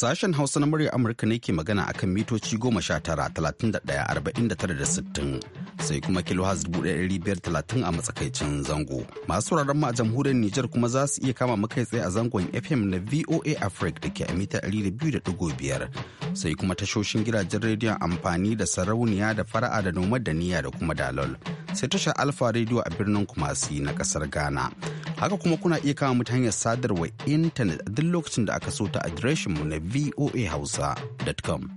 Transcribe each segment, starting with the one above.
Sashen Hausa na murya Amurka ne ke magana a kan mitoci 19,31,49,60 sai kuma kilohaz 1530 a matsakaicin zango. Masu mu a jamhuriyar Nijar kuma za su iya kama makai tsaye a zangon FM na VOA Africa da ke a mita 200.5 sai kuma tashoshin gidajen rediyon amfani da sarauniya da fara'a da noma da niyya da kuma dalol. Sai tashar Alfa rediyo a birnin Kumasi na kasar Ghana. Haka kuma kuna iya kama mu ta hanyar sadarwar intanet a duk lokacin da aka so ta adireshinmu na voahausa.com.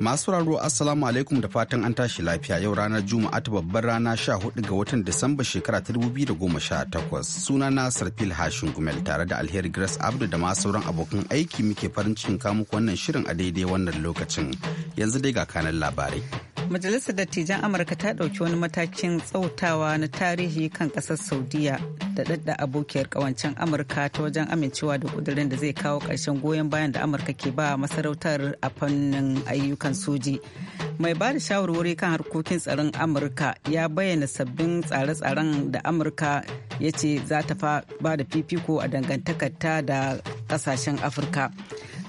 Masu raro Assalamu alaikum da fatan an tashi lafiya yau ranar Juma'a ta babbar rana 14 ga watan Disamba shekara ta 2018. Suna na Sarfil Hashin Gumel tare da Alheri Grace Abdu da masu sauran abokan aiki muke farin cikin kamuku wannan shirin a daidai wannan lokacin. Yanzu dai ga kanan labarai. Majalisar Dattijan Amurka ta ɗauki wani matakin tsautawa na tarihi kan ƙasar Saudiya da ɗaɗɗa abokiyar ƙawancen Amurka ta wajen amincewa da ƙudurin da zai kawo ƙarshen goyon bayan da Amurka ke ba masarautar a fannin ayyukan soji. Mai ba da shawarwari kan harkokin tsaron Amurka ya bayyana sabbin tsare-tsaren da Amurka ya ce za ta ba da fifiko a dangantakarta da ƙasashen Afirka.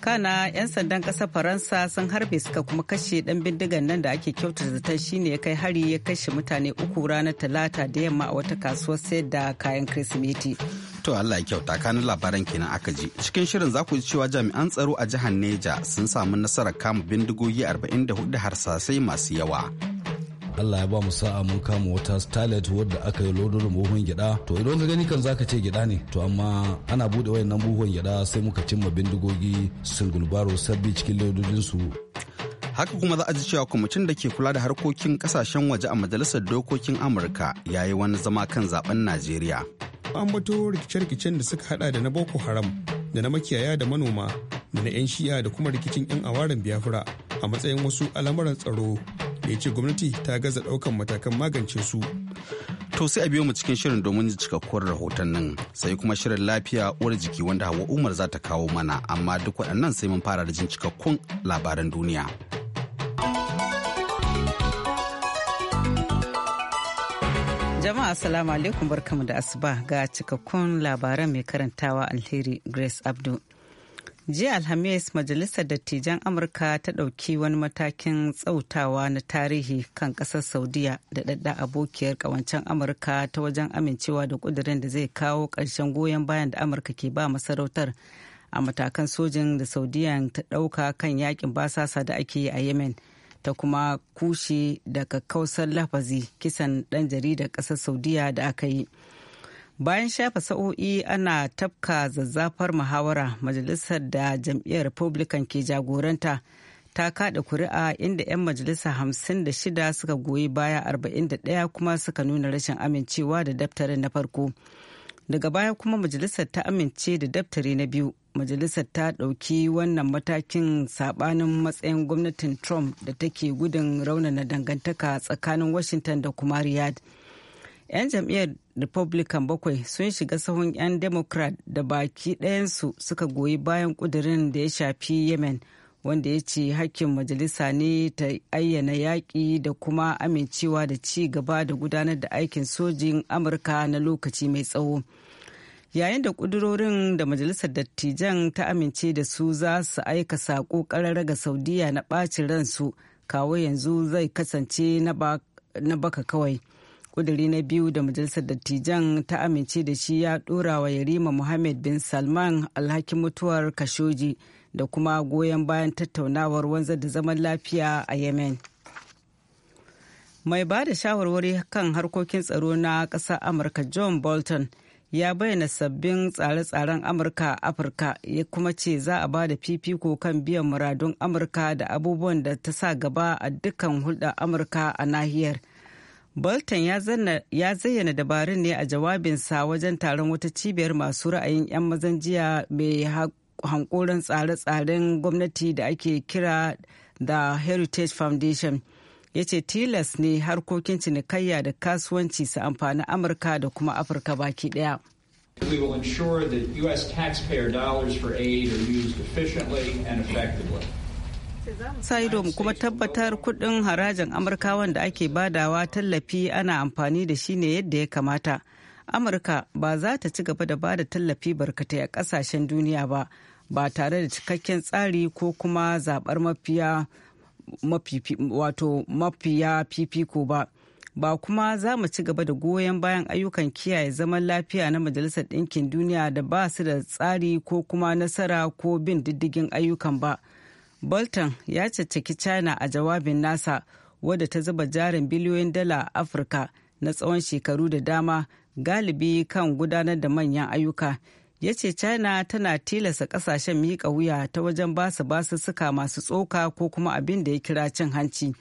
kana 'yan sandan ƙasar faransa sun harbe suka kuma kashe ɗan bindigan nan da ake kyautar shi ne ya kai hari ya kashe mutane uku ranar talata da yamma a wata kasuwar sayar da kayan kirsimeti to allah ya kyauta kanin labaran kenan aka ji cikin shirin za ku ji cewa jami'an tsaro a jihar neja sun samu nasarar kama bindigogi 44 harsasai masu yawa Allah ya ba mu sa'a mun kama wata starlet wadda aka yi lodin buhun gyada to idan ka gani kan zaka ce gyada ne to amma ana bude wayannan buhun gyada sai muka cimma bindigogi single gulbaro sabbi cikin lodin su haka kuma za a ji cewa kwamitin da ke kula da harkokin kasashen waje a majalisar dokokin amurka ya yi wani zama kan zaben najeriya an bato rikice-rikicen da suka hada da na boko haram da na makiyaya da manoma da na 'yan shi'a da kuma rikicin 'yan awaren biyafura a matsayin wasu al'amuran tsaro ya ce gwamnati ta gaza ɗaukan matakan magance su. To sai a biyo mu cikin shirin domin cikakkuwar rahoton nan sai kuma shirin lafiya uwar jiki wanda Hawa Umar za ta kawo mana amma duk waɗannan sai mun fara da jin cikakkun labaran duniya. Jama'a Assalamu alaikum barkamu da asuba ga cikakkun labaran mai karantawa alheri Grace Abdu. jiya alhamis majalisar dattijan amurka ta ɗauki wani matakin tsautawa na tarihi kan ƙasar saudiya da ɗaɗɗa abokiyar ƙawancen amurka ta wajen amincewa da ƙudurin da zai kawo ƙarshen goyon bayan da amurka ke ba masarautar a matakan sojin da saudiya ta ɗauka kan yakin basasa da ake yi a yemen ta kuma kushe daga kausar lafazi kisan ɗan jaridar ƙasar saudiya da aka yi bayan shafa sa'o'i ana tafka zazzafar muhawara majalisar da jam'iyyar republican ke jagoranta ta kada kuri'a inda 'yan majalisa 56 suka goyi baya 41 kuma suka nuna rashin amincewa da daftarin na farko daga baya kuma majalisar ta amince da daftari na biyu majalisar ta ɗauki wannan matakin sabanin matsayin gwamnatin trump da take gudun raunana dangantaka tsakanin washington da kuma Riyad. 'yan jam'iyyar republican bakwai sun shiga sahun 'yan democrat da baki ɗayansu suka goyi bayan ƙudurin da ya shafi yemen wanda ya ce hakkin majalisa ne ta ayyana yaƙi da kuma amincewa da ci gaba da gudanar da aikin sojin amurka na lokaci mai tsawo yayin da ƙudurorin da majalisar dattijan ta amince da su za su aika saƙo ƙarar ga saudiya na ɓacin ransu kawo yanzu zai kasance na baka kawai kuduri na biyu da majalisar dattijan ta amince da shi ya dora wa yarima muhammad bin salman alhakin mutuwar kashoji da kuma goyon bayan tattaunawar wanzar da zaman lafiya a yemen mai bada shawarwari kan harkokin tsaro na ƙasar amurka john bolton ya bayyana sabbin tsare-tsaren amurka a afirka ya kuma ce za a ba da fifiko kan biyan muradun amurka da abubuwan da ta sa gaba a dukkan hulɗar amurka a nahiyar. Bolton ya zayyana dabarun ne a jawabinsa wajen taron wata cibiyar masu ra'ayin 'yan mazan jiya mai hankoron tsare-tsaren gwamnati da ake kira da Heritage Foundation. ya ce tilas ne harkokin cinikayya da kasuwanci su amfani Amurka da kuma Afirka baki daya. We will U.S. taxpayer dollars for aid are Saidom kuma tabbatar kudin harajin Amurka wanda ake badawa tallafi ana amfani da shi ne yadda ya kamata. Amurka ba za ta ci gaba da bada tallafi barkatai a kasashen duniya ba, ba tare da cikakken tsari ko kuma zabar mafiya wato mafiya fifiko ba. Ba kuma za mu ci gaba da goyon bayan ayyukan kiyaye zaman lafiya na Majalisar Ɗinkin Duniya da ba su da tsari ko kuma nasara ko bin diddigin ayyukan ba. bolton ya caccaki china a jawabin nasa wadda ta zuba jarin biliyoyin dala a afirka na tsawon shekaru da dama galibi kan gudanar da manyan ayyuka ya ce china tana tilasta kasashen miƙa wuya ta wajen basu basu suka masu tsoka ko kuma abin da ya kira cin hanci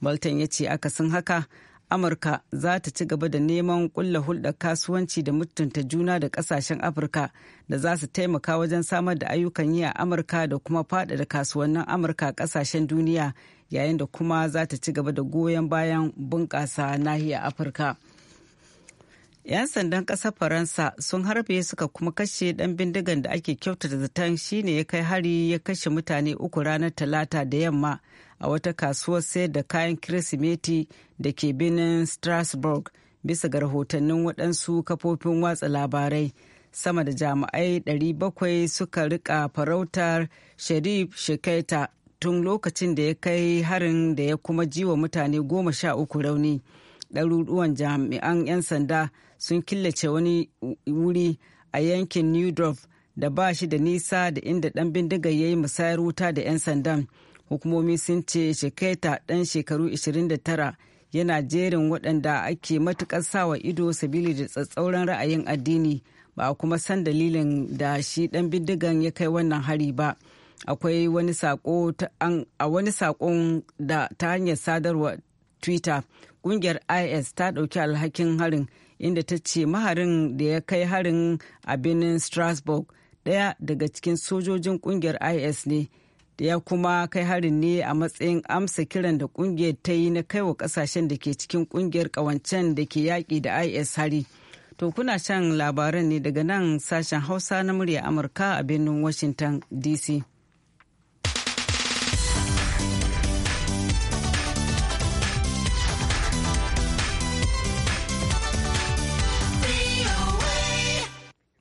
bolton ya ce akasin haka amurka za ta ci gaba da neman kulla hulɗar kasuwanci da mutunta juna da ƙasashen afirka da za su taimaka wajen samar da ayyukan yi a amurka da kuma faɗaɗa kasuwannin amurka ƙasashen duniya yayin da kuma za ta ci gaba da goyon bayan bunƙasa nahiyar afirka. 'Yan sandan ƙasar Faransa sun harbe suka kuma kashe ɗan bindigan da ake kyautata zaton shine ya kai hari ya kashe mutane uku ranar Talata da yamma a wata kasuwar sayar da kayan Kirsimeti da ke binin Strasbourg bisa ga rahotannin waɗansu kafofin watsa labarai. Sama da jami'ai 700 suka rika farautar Sharif Shekaita tun lokacin da ya kai harin da ya kuma jiwa mutane goma sha uku rauni. Ɗaruruwan jami'an 'yan sanda sun killace wani wuri a yankin new da ba shi da nisa da inda ɗan bindigar ya yi musayar wuta da 'yan sandan hukumomi sun ce shekaita ɗan shekaru 29 yana jerin waɗanda ake matuƙar sawa ido sabili da tsatsauran ra'ayin addini ba kuma san dalilin da shi ɗan bindigan ya kai wannan hari ba akwai wani sako a wani sakon da ta hanyar sadarwa twitter ƙungiyar is ta ɗauki alhakin harin inda ta ce maharin da ya kai harin a birnin strasbourg ɗaya daga cikin sojojin kungiyar is ne da ya kuma kai harin ne a matsayin amsa kiran da kungiyar ta yi na kai wa kasashen da ke cikin kungiyar kawancen da ke yaƙi da is hari to kuna shan labaran ne daga nan sashen hausa na murya amurka a birnin washington dc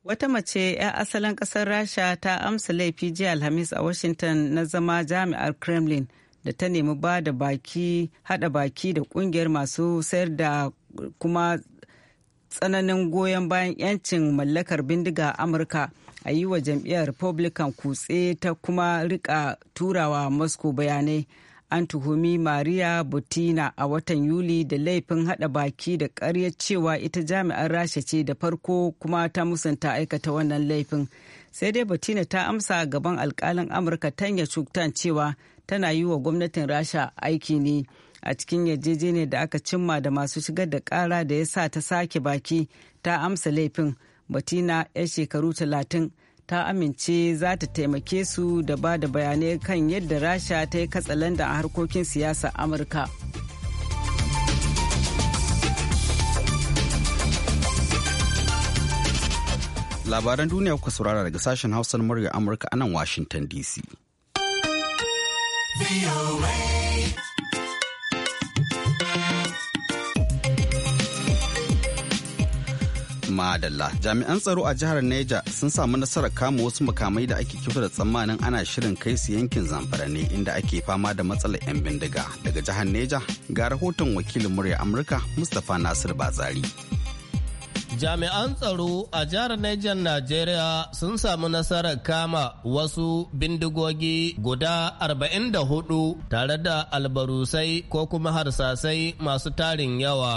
Wata mace 'yan asalin ƙasar Rasha ta amsa laifi jiya Alhamis a Washington na zama jami'ar Kremlin da ta nemi ba da baki hada baki da kungiyar masu sayar da kuma tsananin goyon bayan 'yancin mallakar bindiga Amurka a yi wa jam'iyyar Republican kutse ta kuma rika turawa Moscow bayanai. an tuhumi maria butina a watan yuli da laifin hada baki da karyar cewa ita jami'ar rasha ce da farko kuma ta musanta aikata wannan laifin sai dai butina ta amsa gaban alkalin amurka tanya cutan cewa tana yi wa gwamnatin rasha aiki ne a cikin yarjejeniyar da aka cimma da masu shigar da kara da ya sa ta sake baki ta amsa laifin batina 'yar shekaru talatin ta amince za ta taimake su da ba da bayanai kan yadda rasha ta yi katsalanda a harkokin siyasa amurka labaran duniya kuka saurara daga sashen hausan murya amurka a nan washington dc Madalla. Jami'an tsaro a jihar Neja sun samu nasarar kama wasu makamai da ake kifa da tsammanin ana shirin kai su yankin zamfara ne inda ake fama da matsalar 'yan bindiga daga jihar Neja ga rahoton wakilin murya Amurka Mustapha Nasir Batsari. Jami'an tsaro a jihar Niger Najeriya sun samu nasarar kama wasu bindigogi guda 44 tare da albarusai ko kuma harsasai masu tarin yawa.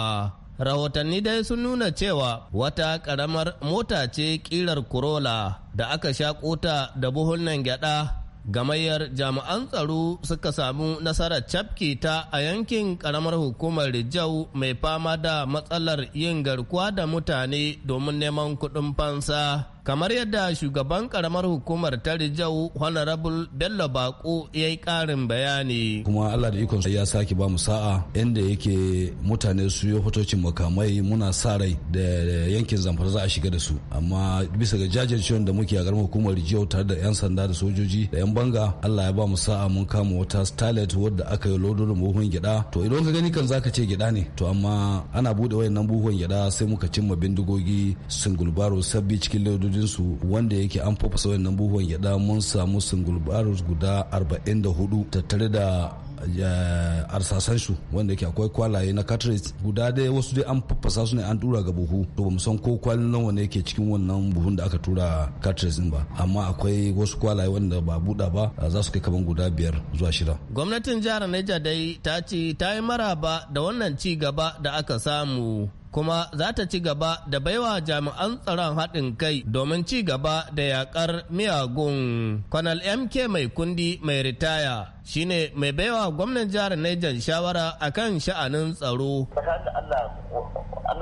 rahotanni dai sun nuna cewa wata ƙaramar mota ce ƙirar corolla da aka sha shaƙota da buhunan gyada gamayyar jami'an tsaro suka samu nasarar cafke ta a yankin ƙaramar hukumar rijau mai fama da matsalar yin garkuwa da mutane domin neman kuɗin fansa kamar yadda shugaban karamar hukumar ta rijau honorable bello bako ya yi karin bayani kuma allah da ikon ya sake ba mu sa'a inda yake mutane su yi hotocin makamai muna sa rai da yankin zamfara za a shiga da su amma bisa ga jajircewar da muke a garin hukumar rijau tare da yan sanda da sojoji da yan banga allah ya ba mu sa'a mun kama wata starlet wadda aka yi lodon buhun gyada to idan ka gani kan zaka ce gyada ne to amma ana bude wayannan buhun gyada sai muka cimma bindigogi gulbaro sabbi cikin lododi su wanda yake an fafasa wannan buhuwan yada mun samu single barrels guda 44 tattare da eh, arsasan su wanda yake akwai kwalaye na cartridge guda dai wasu dai an faffasa su ne an tura ga buhu to ba san ko kwalin nan wanda yake cikin wannan buhun da aka tura cartridge din ba amma akwai wasu kwalaye wanda ba buda ba eh, za su kai kaman guda biyar zuwa shida gwamnatin jihar Niger dai ta ce ta yi maraba da wannan ci gaba da aka samu kuma za ta ci gaba da baiwa jami'an tsaron haɗin kai domin ci gaba da yakar miyagun. Kwanal MK mai kundi mai ritaya shine mai baiwa gwamnan jihar Niger shawara akan sha'anin tsaro.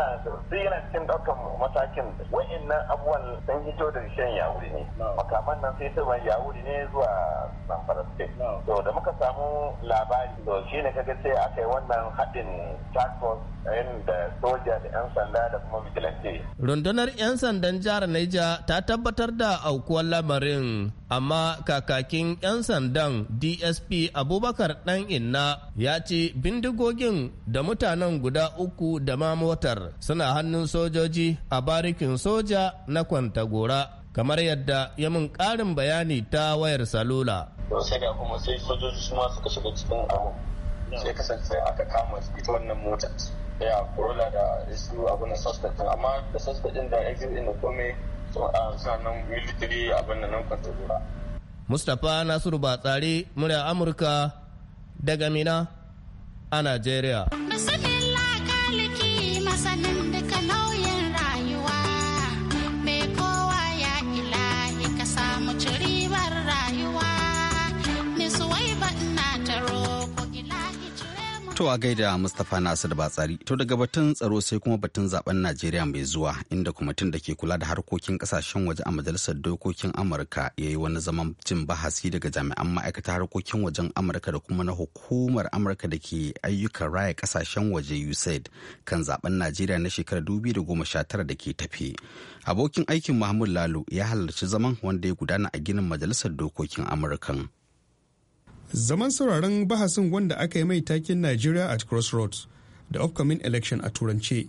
ana sai yana cikin ɗaukan matakin wa'annan abubuwan sun hito da shan yawuri ne makaman nan sai tuban yawuri ne zuwa zamfara state to da muka samu labari to shi ne kaga sai aka yi wannan haɗin task force da soja da 'yan sanda da kuma vigilante rundunar 'yan sandan jihar Niger ta tabbatar da aukuwar lamarin amma kakakin 'yan sandan dsp abubakar dan inna ya ce bindigogin da mutanen guda uku da ma motar suna hannun sojoji a barikin soja na kwantagora kamar yadda ya mun karin bayani ta wayar salula sai kuma sai sojoji su ma cikin sai kasance aka kama ita wannan motar ya corolla da su abu na suspect amma da suspect din da exit din da komai sanan military abin da nan kwantagora mustapha nasiru batsari murya amurka daga mina a nigeria masanin To a gaida Mustapha Nasir Batsari, to daga batun tsaro sai kuma batun zaben Najeriya mai zuwa inda kwamitin da ke kula da harkokin kasashen waje a majalisar dokokin Amurka ya yi wani zaman jin bahasi daga jami'an ma'aikata harkokin wajen Amurka da kuma na hukumar Amurka da ke ayyukan raya kasashen waje USAID kan zaben Najeriya na shekarar 2019 da ke tafe. Abokin aikin Muhammad Lalo ya halarci zaman wanda ya gudana a ginin majalisar dokokin amurka zaman sauraron bahasin wanda aka yi mai takin nigeria at crossroads da upcoming election a turance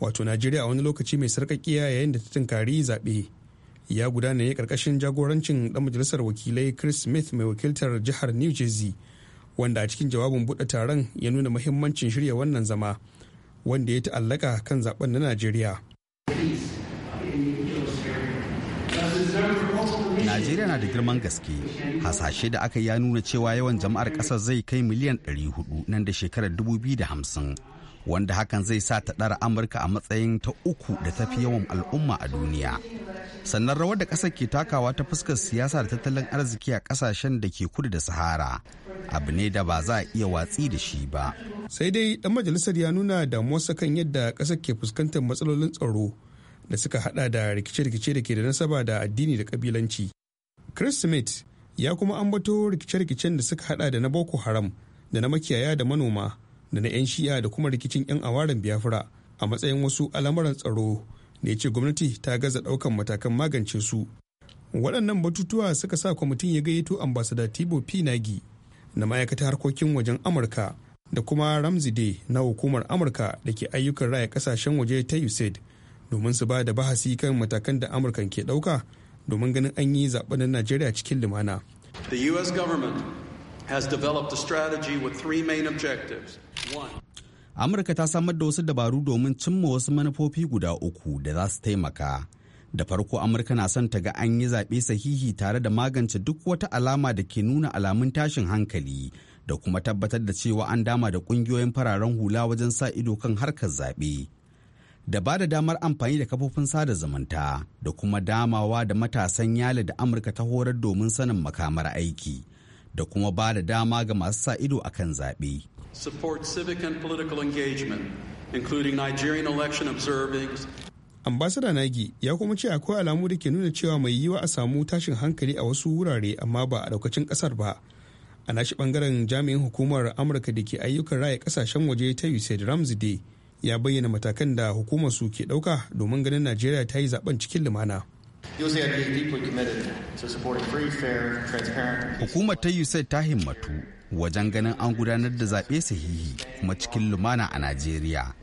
wato najeriya a wani lokaci mai sarkakiya yayin da ta tunkari zaɓe ya gudana ne karkashin jagorancin dan majalisar wakilai chris smith mai wakiltar jihar new jersey wanda a cikin jawabin buɗe taron ya nuna muhimmancin shirya wannan zama wanda ya ta'allaka kan zaben na najeriya najeriya na da girman gaske hasashe da aka ya nuna cewa yawan jama'ar ƙasar zai kai miliyan 400 nan da shekarar 2050 wanda hakan zai sa ta ɗara amurka a matsayin ta uku da ta fi yawan al'umma a duniya sannan rawar da ƙasar ke takawa ta fuskar siyasa da tattalin arziki a ƙasashen da ke kudu da sahara abu ne da ba za a iya watsi da shi ba sai dai ɗan majalisar ya nuna damuwarsa kan yadda ƙasar ke fuskantar matsalolin tsaro da suka hada da rikice-rikice da ke da nasaba da addini da kabilanci Chris Smith ya kuma ambato rikice-rikicen da suka hada da na Boko Haram da na makiyaya da manoma da na 'yan shi'a da kuma rikicin 'yan awaren Biafra a matsayin wasu al'amuran tsaro da ya ce gwamnati ta gaza daukan matakan magance su. Waɗannan batutuwa suka sa kwamitin ya gayyato ambasada Tibo Pinagi na ma'aikatar harkokin wajen Amurka da kuma Ramzi Day na hukumar Amurka da ke ayyukan raya ƙasashen waje ta USAID domin su ba da bahasi kan matakan da amurka ke ɗauka domin ganin an yi zaben Najeriya cikin lumana. The US government has developed a strategy with three main objectives. One, Amurka ta samar da wasu dabaru domin cimma wasu manufofi guda uku da za su taimaka. Da farko Amurka na son ta ga an yi zaɓe sahihi tare da magance duk wata alama da ke nuna alamun tashin hankali da kuma tabbatar da cewa an dama da ƙungiyoyin fararen hula wajen sa ido kan harkar zaɓe. da ba da damar amfani da kafofin sada zumunta da kuma damawa da matasan yale da amurka ta horar domin sanin makamar aiki da kuma ba da dama ga masu sa ido a kan zaɓe. Ambasada Nagi ya kuma ce akwai alamu da ke nuna cewa mai yiwa a samu tashin hankali a wasu wurare amma ba a daukacin kasar ba. A nashi bangaren jami'in hukumar Amurka da ke ayyukan raya kasashen waje ta USAID Ramsey ya bayyana matakan da hukumar su ke ɗauka domin ganin najeriya ta yi zaben cikin lumana hukumar ta usaid ta himmatu wajen ganin an gudanar da zaɓe sahihi kuma cikin lumana a najeriya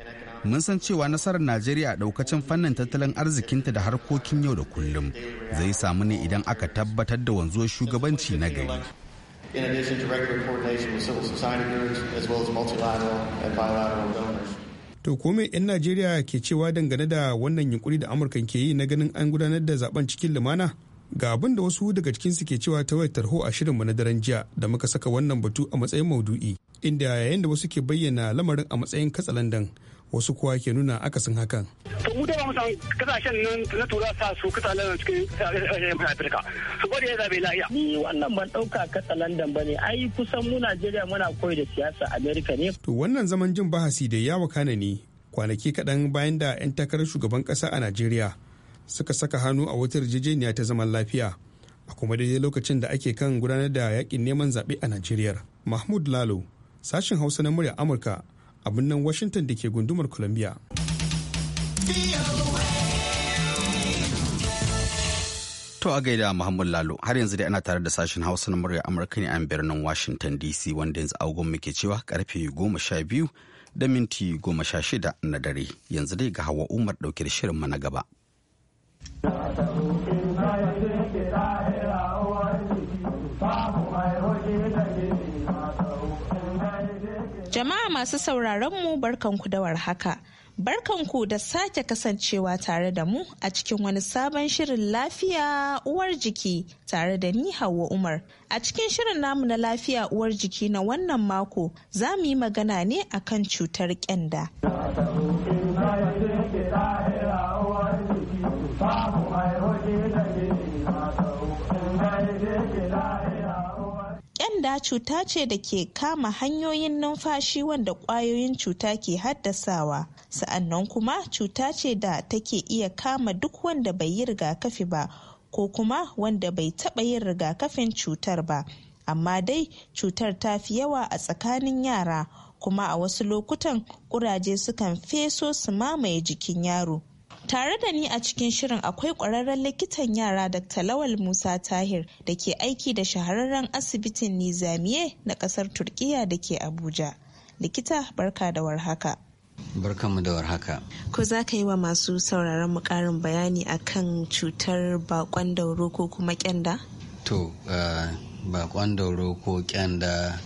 mun san cewa nasarar najeriya a ɗaukacin fannin tattalin arzikinta da harkokin yau da kullum zai samu ne idan aka tabbatar da wanzuwar shugabanci na gari in addition to regular coordination with civil society groups as well as multilateral and bilateral donors. to kome 'yan najeriya ke cewa dangane da wannan yunkuri da amurka ke yi na ganin an gudanar da zaben cikin lumana ga abin da wasu daga cikinsu ke cewa ta wayar tarho a shirinmu na daren jiya da muka saka wannan batu a matsayin maudu'i inda yayin da wasu ke bayyana lamarin a matsayin katsalandan wasu kuwa ke nuna akasin hakan. mu da ba san kasashen nan na tura sa su katsalandan cikin eh, eh, afirka su bari ya zabe lahiya. ni wannan ban ɗauka katsalandan ba ne ai kusan mu najeriya muna koyi da siyasa amerika ne. to wannan zaman jin bahasi da yawa kana ne kwanaki kaɗan bayan da 'yan takarar shugaban ƙasa a najeriya suka saka hannu a wata yarjejeniya ta zaman lafiya a kuma daidai lokacin da ake kan gudanar da yakin neman zaɓe a najeriya mahmud lalo sashen hausa na murya amurka a birnin washington da ke gundumar columbia To a gaida Muhammad Lalo har yanzu dai ana tare da sashen Hausa na murya Amurka ne a birnin Washington DC wanda yanzu agon muke cewa karfe goma sha biyu da minti goma sha shida na dare yanzu dai ga hawa Umar ɗauke da shirin na gaba. Jama'a masu sauraron mu barkanku da warhaka. Barkanku da sake kasancewa tare da mu a cikin wani sabon shirin lafiya uwar jiki tare da ni Hauwa Umar. A cikin shirin namu na lafiya uwar jiki na wannan mako za mu yi magana ne akan cutar kyanda. kyanda cuta ce da ke kama hanyoyin numfashi wanda ƙwayoyin cuta ke haddasawa sa'annan kuma cuta ce da take iya kama duk wanda bai yi rigakafi ba ko kuma wanda bai taɓa yin rigakafin cutar ba amma dai cutar ta fi yawa a tsakanin yara kuma a wasu lokutan ƙuraje sukan feso su mamaye jikin yaro Tare da ni a cikin shirin akwai ƙwararren likitan yara Dr. Lawal Musa Tahir da ke aiki da shahararren asibitin Nizamiye na ƙasar Turkiyya da ke Abuja. Likita barka da warhaka. Barkanmu da warhaka. Ko za ka yi wa masu sauraron mu ƙarin bayani akan cutar bakon dauro ko kuma kyanda? To, uh, eh, bakon dauro ko kyanda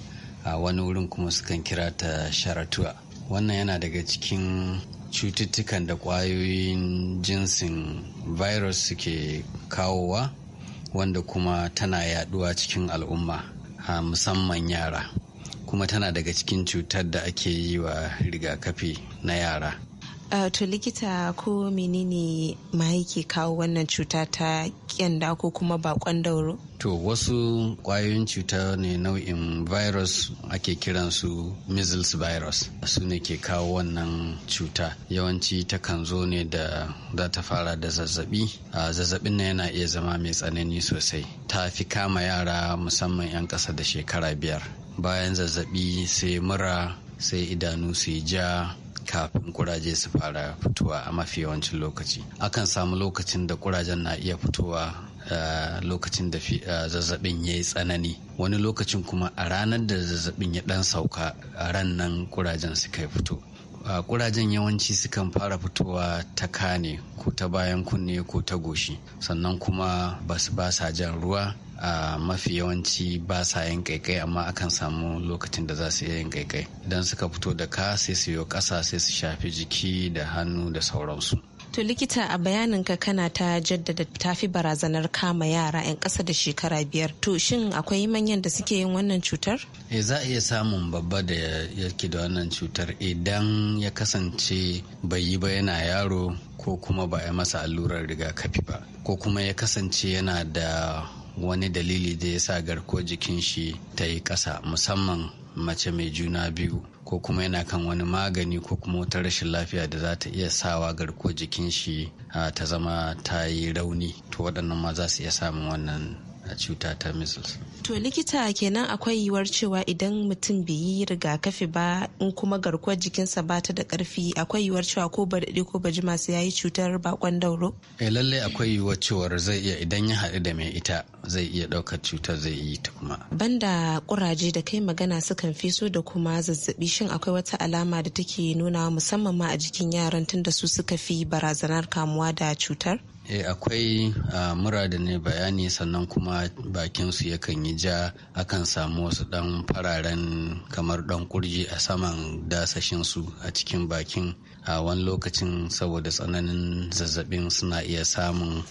a uh, wani wurin kuma sukan kira ta sharatuwa. Wannan yana daga cikin cututtukan da ƙwayoyin jinsin virus suke kawowa wanda kuma tana yaduwa cikin al'umma a musamman yara kuma tana daga cikin cutar da ake yi wa rigakafi na yara Uh, to likita ko menene ma yake kawo wannan cuta ta kyanda ko kuma bakon dauro? To wasu kwayoyin cuta ne nau'in virus ake kiransu measles virus su ne ke kawo wannan cuta yawanci takan zo ne da za ta fara da zazzabi a ah, zazzabin na yana iya zama mai tsanani sosai ta fi kama yara musamman 'yan ƙasa da shekara biyar bayan zazzabi sai mura sai idanu sai ja kafin kuraje su fara fitowa a mafi yawancin lokaci akan samu lokacin da kurajen na iya fitowa eh, lokacin da eh, zazzabin ya yi tsanani wani lokacin kuma a ranar da zazzabin ya dan sauka a ran nan kurajen suka fito kurajen yawanci sukan fara fitowa ta kane ko ta bayan kunne ko ta goshi sannan kuma ba su ba sa jan ruwa mafi yawanci ba sa yin kaikai amma akan samu lokacin da za su iya yin kaikai idan suka fito da ka sai su yi ƙasa sai su shafi jiki da hannu da sauransu To likita a bayaninka kana ta jaddada tafi barazanar kama yara 'yan ƙasa da shekara biyar. To shin akwai manyan da suke yin wannan cutar? E za a iya samun babba da yake da wannan cutar idan ya kasance bai yi ba yana yaro ko kuma ba a masa allurar rigakafi ba ko kuma ya kasance yana da wani dalili da ya sa garkuwar jikin shi ta yi ƙasa musamman mace mai juna biyu ko kuma yana kan wani magani ko kuma wata rashin lafiya da za ta iya sawa garkuwar jikin shi ah, ta zama ta yi rauni to waɗannan ma za su iya samun wannan a cuta ta measles. To likita kenan akwai yiwuwar cewa idan mutum bai yi rigakafi ba in kuma garkuwar jikinsa ba ta da karfi akwai yiwuwar cewa ko ba daɗe ko ba jima sai yayi cutar bakon dauro? Eh lallai akwai yiwuwar cewar zai iya idan ya haɗu da mai ita zai iya ɗaukar cutar zai yi ta kuma. Banda kuraje da kai magana sukan fi so da kuma zazzabi shin akwai wata alama da take nuna musamman ma a jikin yaran tunda su suka fi barazanar kamuwa da cutar? eh akwai mura da ne bayani sannan kuma bakinsu yakan yi ja akan samu wasu dan fararen kamar dan kurji a saman dasashinsu a cikin bakin a wani lokacin saboda tsananin zazzabin suna iya samun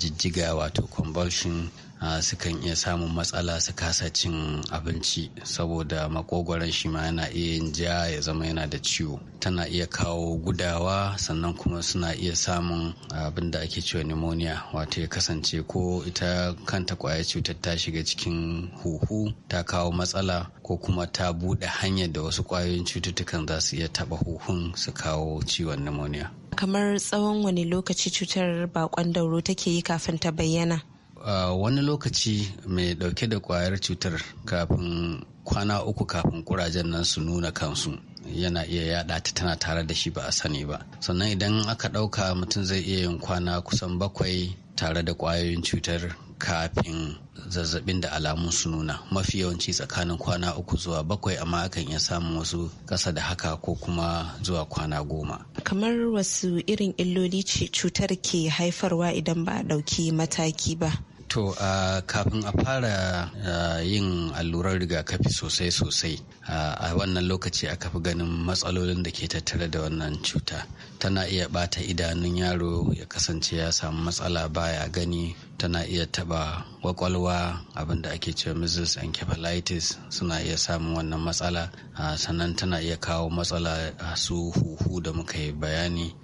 jijjiga wato convulsion sukan iya samun matsala su kasa cin abinci saboda makogwaron shi ma yana iya yin ja ya zama yana da ciwo tana iya kawo gudawa sannan kuma suna iya samun abin da ake cewa pneumonia wato ya kasance ko ita kanta kwaya cutar ta shiga cikin huhu ta kawo matsala ko kuma ta buɗe hanyar da wasu kwayoyin cututtukan za su iya taɓa huhun su kawo ciwon pneumonia kamar tsawon wani lokaci cutar bakon dauro take yi kafin ta bayyana Ah, wani lokaci mai dauke da kwayar cutar kafin kwana uku kafin kurajen nan su nuna kansu yana iya yada ta tana tare da shi ba a sani ba sannan idan aka dauka mutum zai iya yin kwana kusan bakwai tare da kwayoyin cutar kafin zazzabin da alamun su nuna mafi yawanci tsakanin kwana uku zuwa bakwai amma akan iya samun wasu kasa da haka ko kuma zuwa kwana goma kamar wasu irin illoli ce cutar ke haifarwa idan ba a ɗauki mataki ba To uh, kafin a fara uh, yin allurar rigakafi sosai-sosai uh, a wannan lokaci aka fi ganin matsalolin da ke tattare da wannan cuta. Tana iya bata idanun yaro ya kasance ya samu matsala baya gani tana iya taba kwakwalwa abinda ake ce mrs. encephalitis suna iya samun wannan matsala sannan tana iya kawo matsala su huhu da muka yi bayani.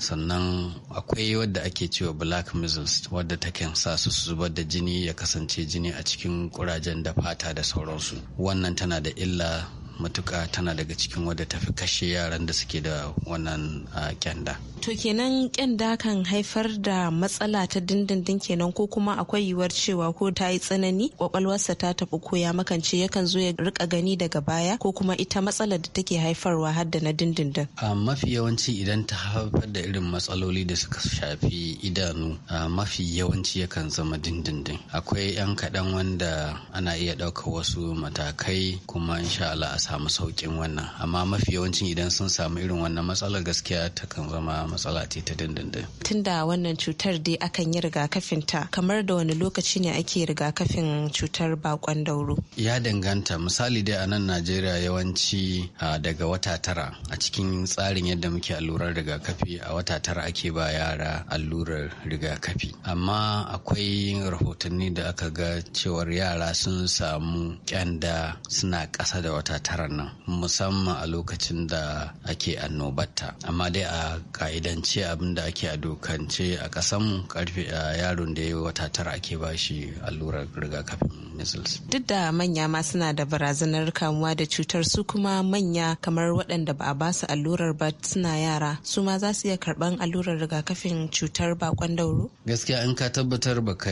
sannan akwai wadda ake cewa black measles wadda ta kan sa su zubar da jini ya kasance jini a cikin kurajen da fata da sauransu wannan tana da illa matuka tana daga cikin wadda ta fi kashe yaran da suke da wannan kyanda. To kenan kyanda kan haifar da matsala ta dindindin kenan ko kuma akwai yiwuwar cewa ko ta yi tsanani kwakwalwarsa ta tafi ko ya makance yakan zo ya rika gani daga baya ko kuma ita matsala da take haifarwa har da na dindindin. mafi yawanci idan ta haifar da irin matsaloli da suka shafi idanu mafi yawanci yakan zama dindindin. Akwai 'yan kaɗan wanda ana iya ɗaukar wasu matakai kuma insha a samu sauƙin wannan amma mafi yawancin idan sun samu irin wannan matsalar gaskiya ta kan zama matsala ce ta dindindin tunda wannan cutar dai akan yi rigakafin ta kamar da wani lokaci ne ake rigakafin cutar bakon dauro ya danganta misali dai a nan najeriya yawanci daga wata tara a cikin tsarin yadda muke allurar rigakafi a wata tara ake ba yara allurar rigakafi amma akwai rahotanni da aka ga cewar yara sun samu kyanda suna ƙasa da wata tara shekarar nan musamman a lokacin da ake annobata amma dai a ka'idance abin da ake a dokance a ƙasanmu karfe a yaron da ya yi wata tara ake ba shi allurar rigakafin measles duk da manya ma suna da barazanar kamuwa da cutar su kuma manya kamar waɗanda ba a ba su allurar ba suna yara su ma za su iya karɓan allurar rigakafin cutar bakon dauro gaskiya in ka tabbatar ba ka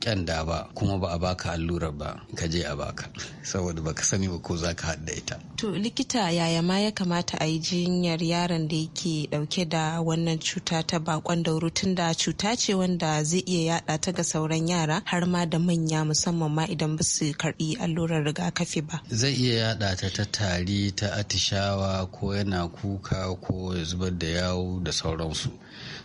kyanda ba kuma ba a baka allurar ba ka je a baka saboda baka sani ba ko za ka da ita. To likita yaya ma ya kamata a yi jinyar yaron da yake ɗauke da wannan cuta ta bakon dauro tunda da cuta ce wanda zai iya yaɗa ta ga sauran yara har ma da manya musamman ma idan ba su karɓi allurar rigakafi ba. Zai iya yaɗa ta ta tari ta atishawa ko yana kuka ko ya zubar da yawo da sauransu.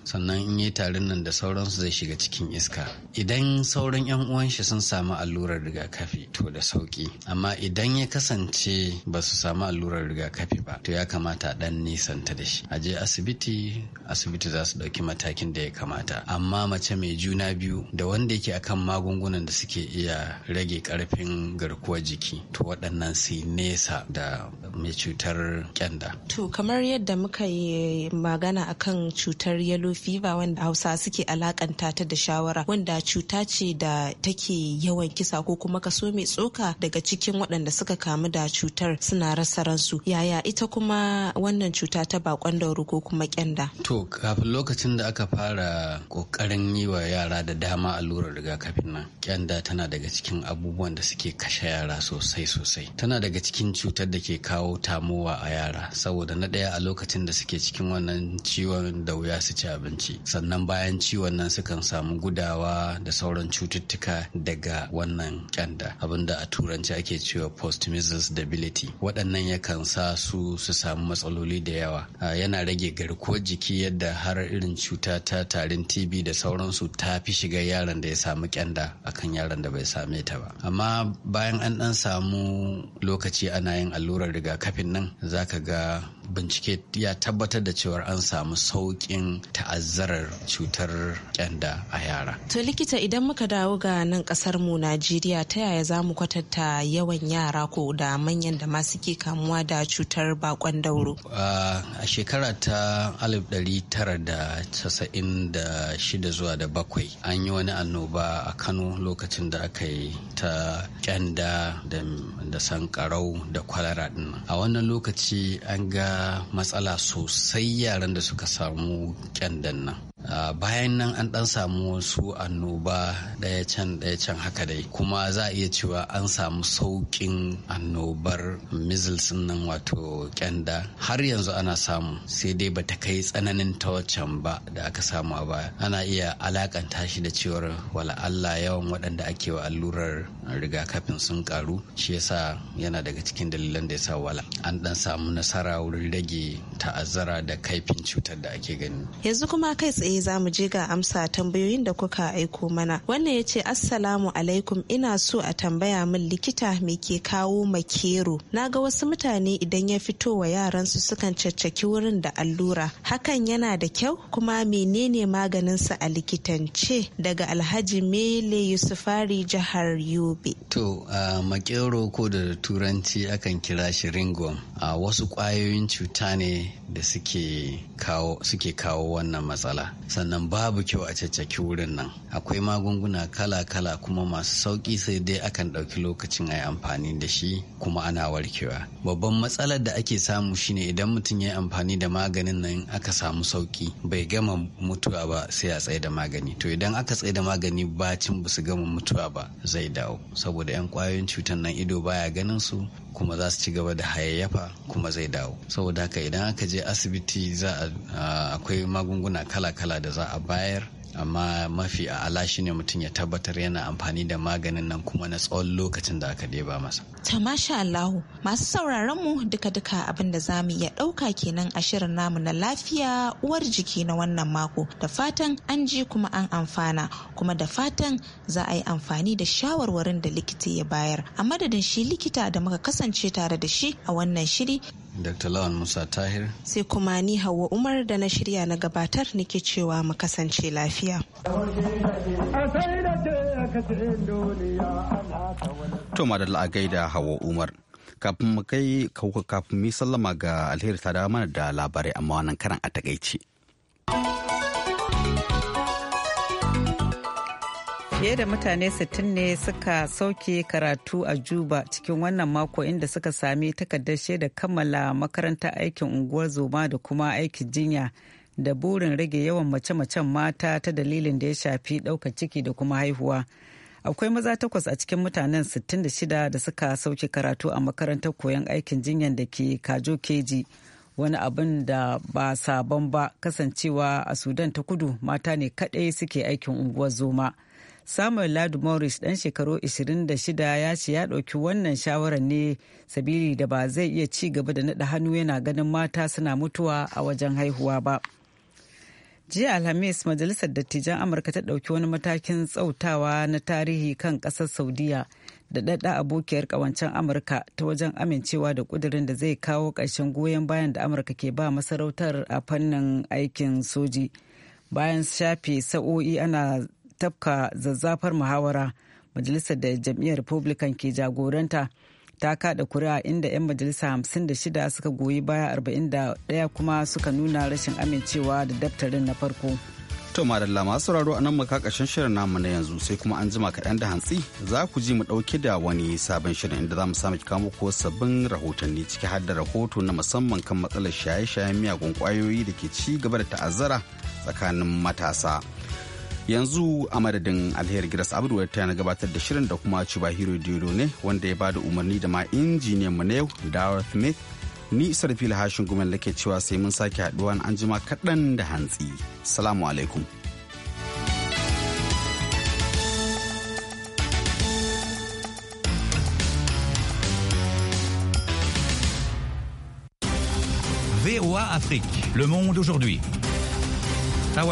sannan in yi tarin nan da sauransu zai shiga cikin iska idan sauran yan uwan shi sun samu allurar rigakafi to da sauki amma idan ya kasance ba su samu allurar rigakafi ba to ya kamata a dan nisanta da shi a je asibiti asibiti za su dauki matakin da ya kamata amma mace mai juna biyu da wanda yake akan magungunan da suke iya rage karfin garkuwar jiki to waɗannan su nesa da mai cutar kyanda to kamar yadda muka yi magana akan cutar yalo yellow fever wanda hausa suke alakanta ta da shawara wanda cuta ce da take yawan kisa ko kuma kaso mai tsoka daga cikin waɗanda suka kamu da cutar suna rasa ransu yaya ita kuma wannan cuta ta bakon dauro ko kuma kyanda to kafin lokacin da aka fara kokarin yi wa yara da dama allurar rigakafin nan kyanda tana daga cikin abubuwan da suke kashe yara sosai sosai tana daga cikin cutar da ke kawo tamowa a yara saboda na ɗaya a lokacin da suke cikin wannan ciwon da wuya su ci abinci abinci sannan bayan ciwon nan sukan samu gudawa da sauran cututtuka daga wannan kyanda abinda a turanci ake cewa post measles debility waɗannan yakan sa su su samu matsaloli da yawa yana rage garkuwar jiki yadda har irin cuta ta tarin tb da sauransu ta fi shiga yaron da ya samu kyanda akan yaron da bai same ta ba amma bayan an dan samu lokaci ana yin allurar rigakafin nan zaka ga bincike ya tabbatar da cewar an samu sauƙin ta'azzarar cutar kyanda a yara. To likita idan muka dawo ga nan ƙasar mu Najeriya ta yaya za mu kwatanta yawan yara ko da manyan da ma suke kamuwa da cutar bakon dauro? A shekara ta 1996 zuwa da bakwai an yi wani annoba a Kano lokacin da aka yi ta kyanda da sankarau da kwalara din. A wannan lokaci an ga matsala sosai yaran da suka samu kyandan nan Ah, bayan nan an dan samu wasu annoba daya can daya can haka dai kuma za a iya cewa an samu saukin annobar measles nan wato kyanda har yanzu ana samu sai dai ba ta kai tsananin ta waccan ba da aka samu a baya ana iya alakanta shi da cewar wala Allah yawan waɗanda ake wa allurar rigakafin sun karu shi yasa yana daga cikin dalilan da yasa wala an dan samu nasara wurin rage ta'azzara da kaifin cutar da ake gani yanzu kuma kai tsaye matsayi za mu je ga amsa tambayoyin da kuka aiko mana. Wannan ya ce Assalamu alaikum ina so a tambaya min likita me ke kawo makero. Na ga wasu mutane idan ya fito wa yaransu sukan caccaki wurin da allura. Hakan yana da kyau kuma menene maganinsa a likitance daga Alhaji Mele Yusufari jihar Yobe. To, uh, makero ko da turanci akan kira shi ringworm. Uh, wasu kwayoyin cuta ne da suke kawo wannan matsala sannan babu kyau a caccaki wurin nan akwai magunguna kala-kala kuma masu sauƙi sai dai akan ɗauki lokacin a yi amfani da shi kuma ana warkewa babban matsalar da ake samu shine idan mutum ya yi amfani da maganin nan aka samu sauƙi bai gama mutuwa ba sai a tsaye da magani to idan aka tsaye da magani bacin ba su gama mutuwa ba zai dawo saboda 'yan kwayoyin cutar nan ido baya ganin su kuma za su ci gaba da hayayyafa kuma zai dawo saboda haka idan aka je asibiti za a akwai magunguna kala-kala da za a bayar amma mafi shi shine mutum ya tabbatar yana amfani da maganin nan kuma na tsawon lokacin da aka ɗeba masa. ta masha Allahu masu sauraron mu duka-duka abin da za mu iya ɗauka kenan a shirin namu na lafiya uwar jiki na wannan mako da fatan an ji kuma an amfana kuma da fatan za a yi amfani da shawarwarin da likita ya bayar a madadin shi likita da muka kasance tare da shi a wannan shiri Dr. Lawan Musa Tahir. Sai kuma ni Hauwa Umar da na shirya na gabatar nake cewa mu kasance lafiya. To madalla a gaida Hauwa Umar. Kafin mu kai kauka kafin mu sallama ga alheri ta dawo mana da labarai amma wannan karan a takaice. Fiye da mutane 60 ne suka sauke karatu a Juba cikin wannan mako inda suka sami takardar da kammala makaranta aikin unguwar zoma da kuma aikin jinya da burin rage yawan mace-macen mata ta dalilin da ya shafi ɗaukar ciki da kuma haihuwa. Akwai maza takwas a cikin mutanen 66 da suka sauke karatu a makarantar koyon aikin jinyar da ke Kajo Keji. wani abin da ba sabon ba kasancewa a sudan ta kudu mata ne kadai suke aikin unguwar zoma samuel ladu morris dan shekaru 26 ya ce ya ɗauki wannan shawarar ne sabili da ba zai iya ci gaba da naɗa hannu yana ganin mata suna mutuwa a wajen haihuwa ba jiya alhamis majalisar dattijan amurka ta ɗauki wani matakin tsautawa na tarihi kan ƙasar saudiya da ɗaɗa abokiyar ƙawancen amurka ta wajen amincewa da ƙudurin da zai kawo ƙarshen goyon bayan da amurka ke ba masarautar a fannin aikin soji bayan shafe sa'o'i ana tafka zazzafar muhawara majalisar da jam'iyyar republican ke jagoranta ta kada kuri'a inda 'yan majalisa 56 suka goyi baya 41 kuma suka nuna rashin amincewa da daftarin na farko to madalla masu sauraro a nan makakashin shirin namu na yanzu sai kuma an jima kaɗan da hantsi za ku ji mu ɗauke da wani sabon shirin inda za mu samu kamo ko sabbin rahotanni ciki har da rahoto na musamman kan matsalar shaye-shayen miyagun kwayoyi da ke ci gaba da ta'azzara tsakanin matasa yanzu a madadin alheri gidas abdu ta na gabatar da shirin da kuma cibahiro diodo ne wanda ya bada umarni da ma injiniyan mu na yau dawa smith ni sarfil hashin gumen da ke cewa sai mun sake haduwa an anjima kaɗan da hantsi salamu alaikum VOA Afrique. Le monde aujourd'hui.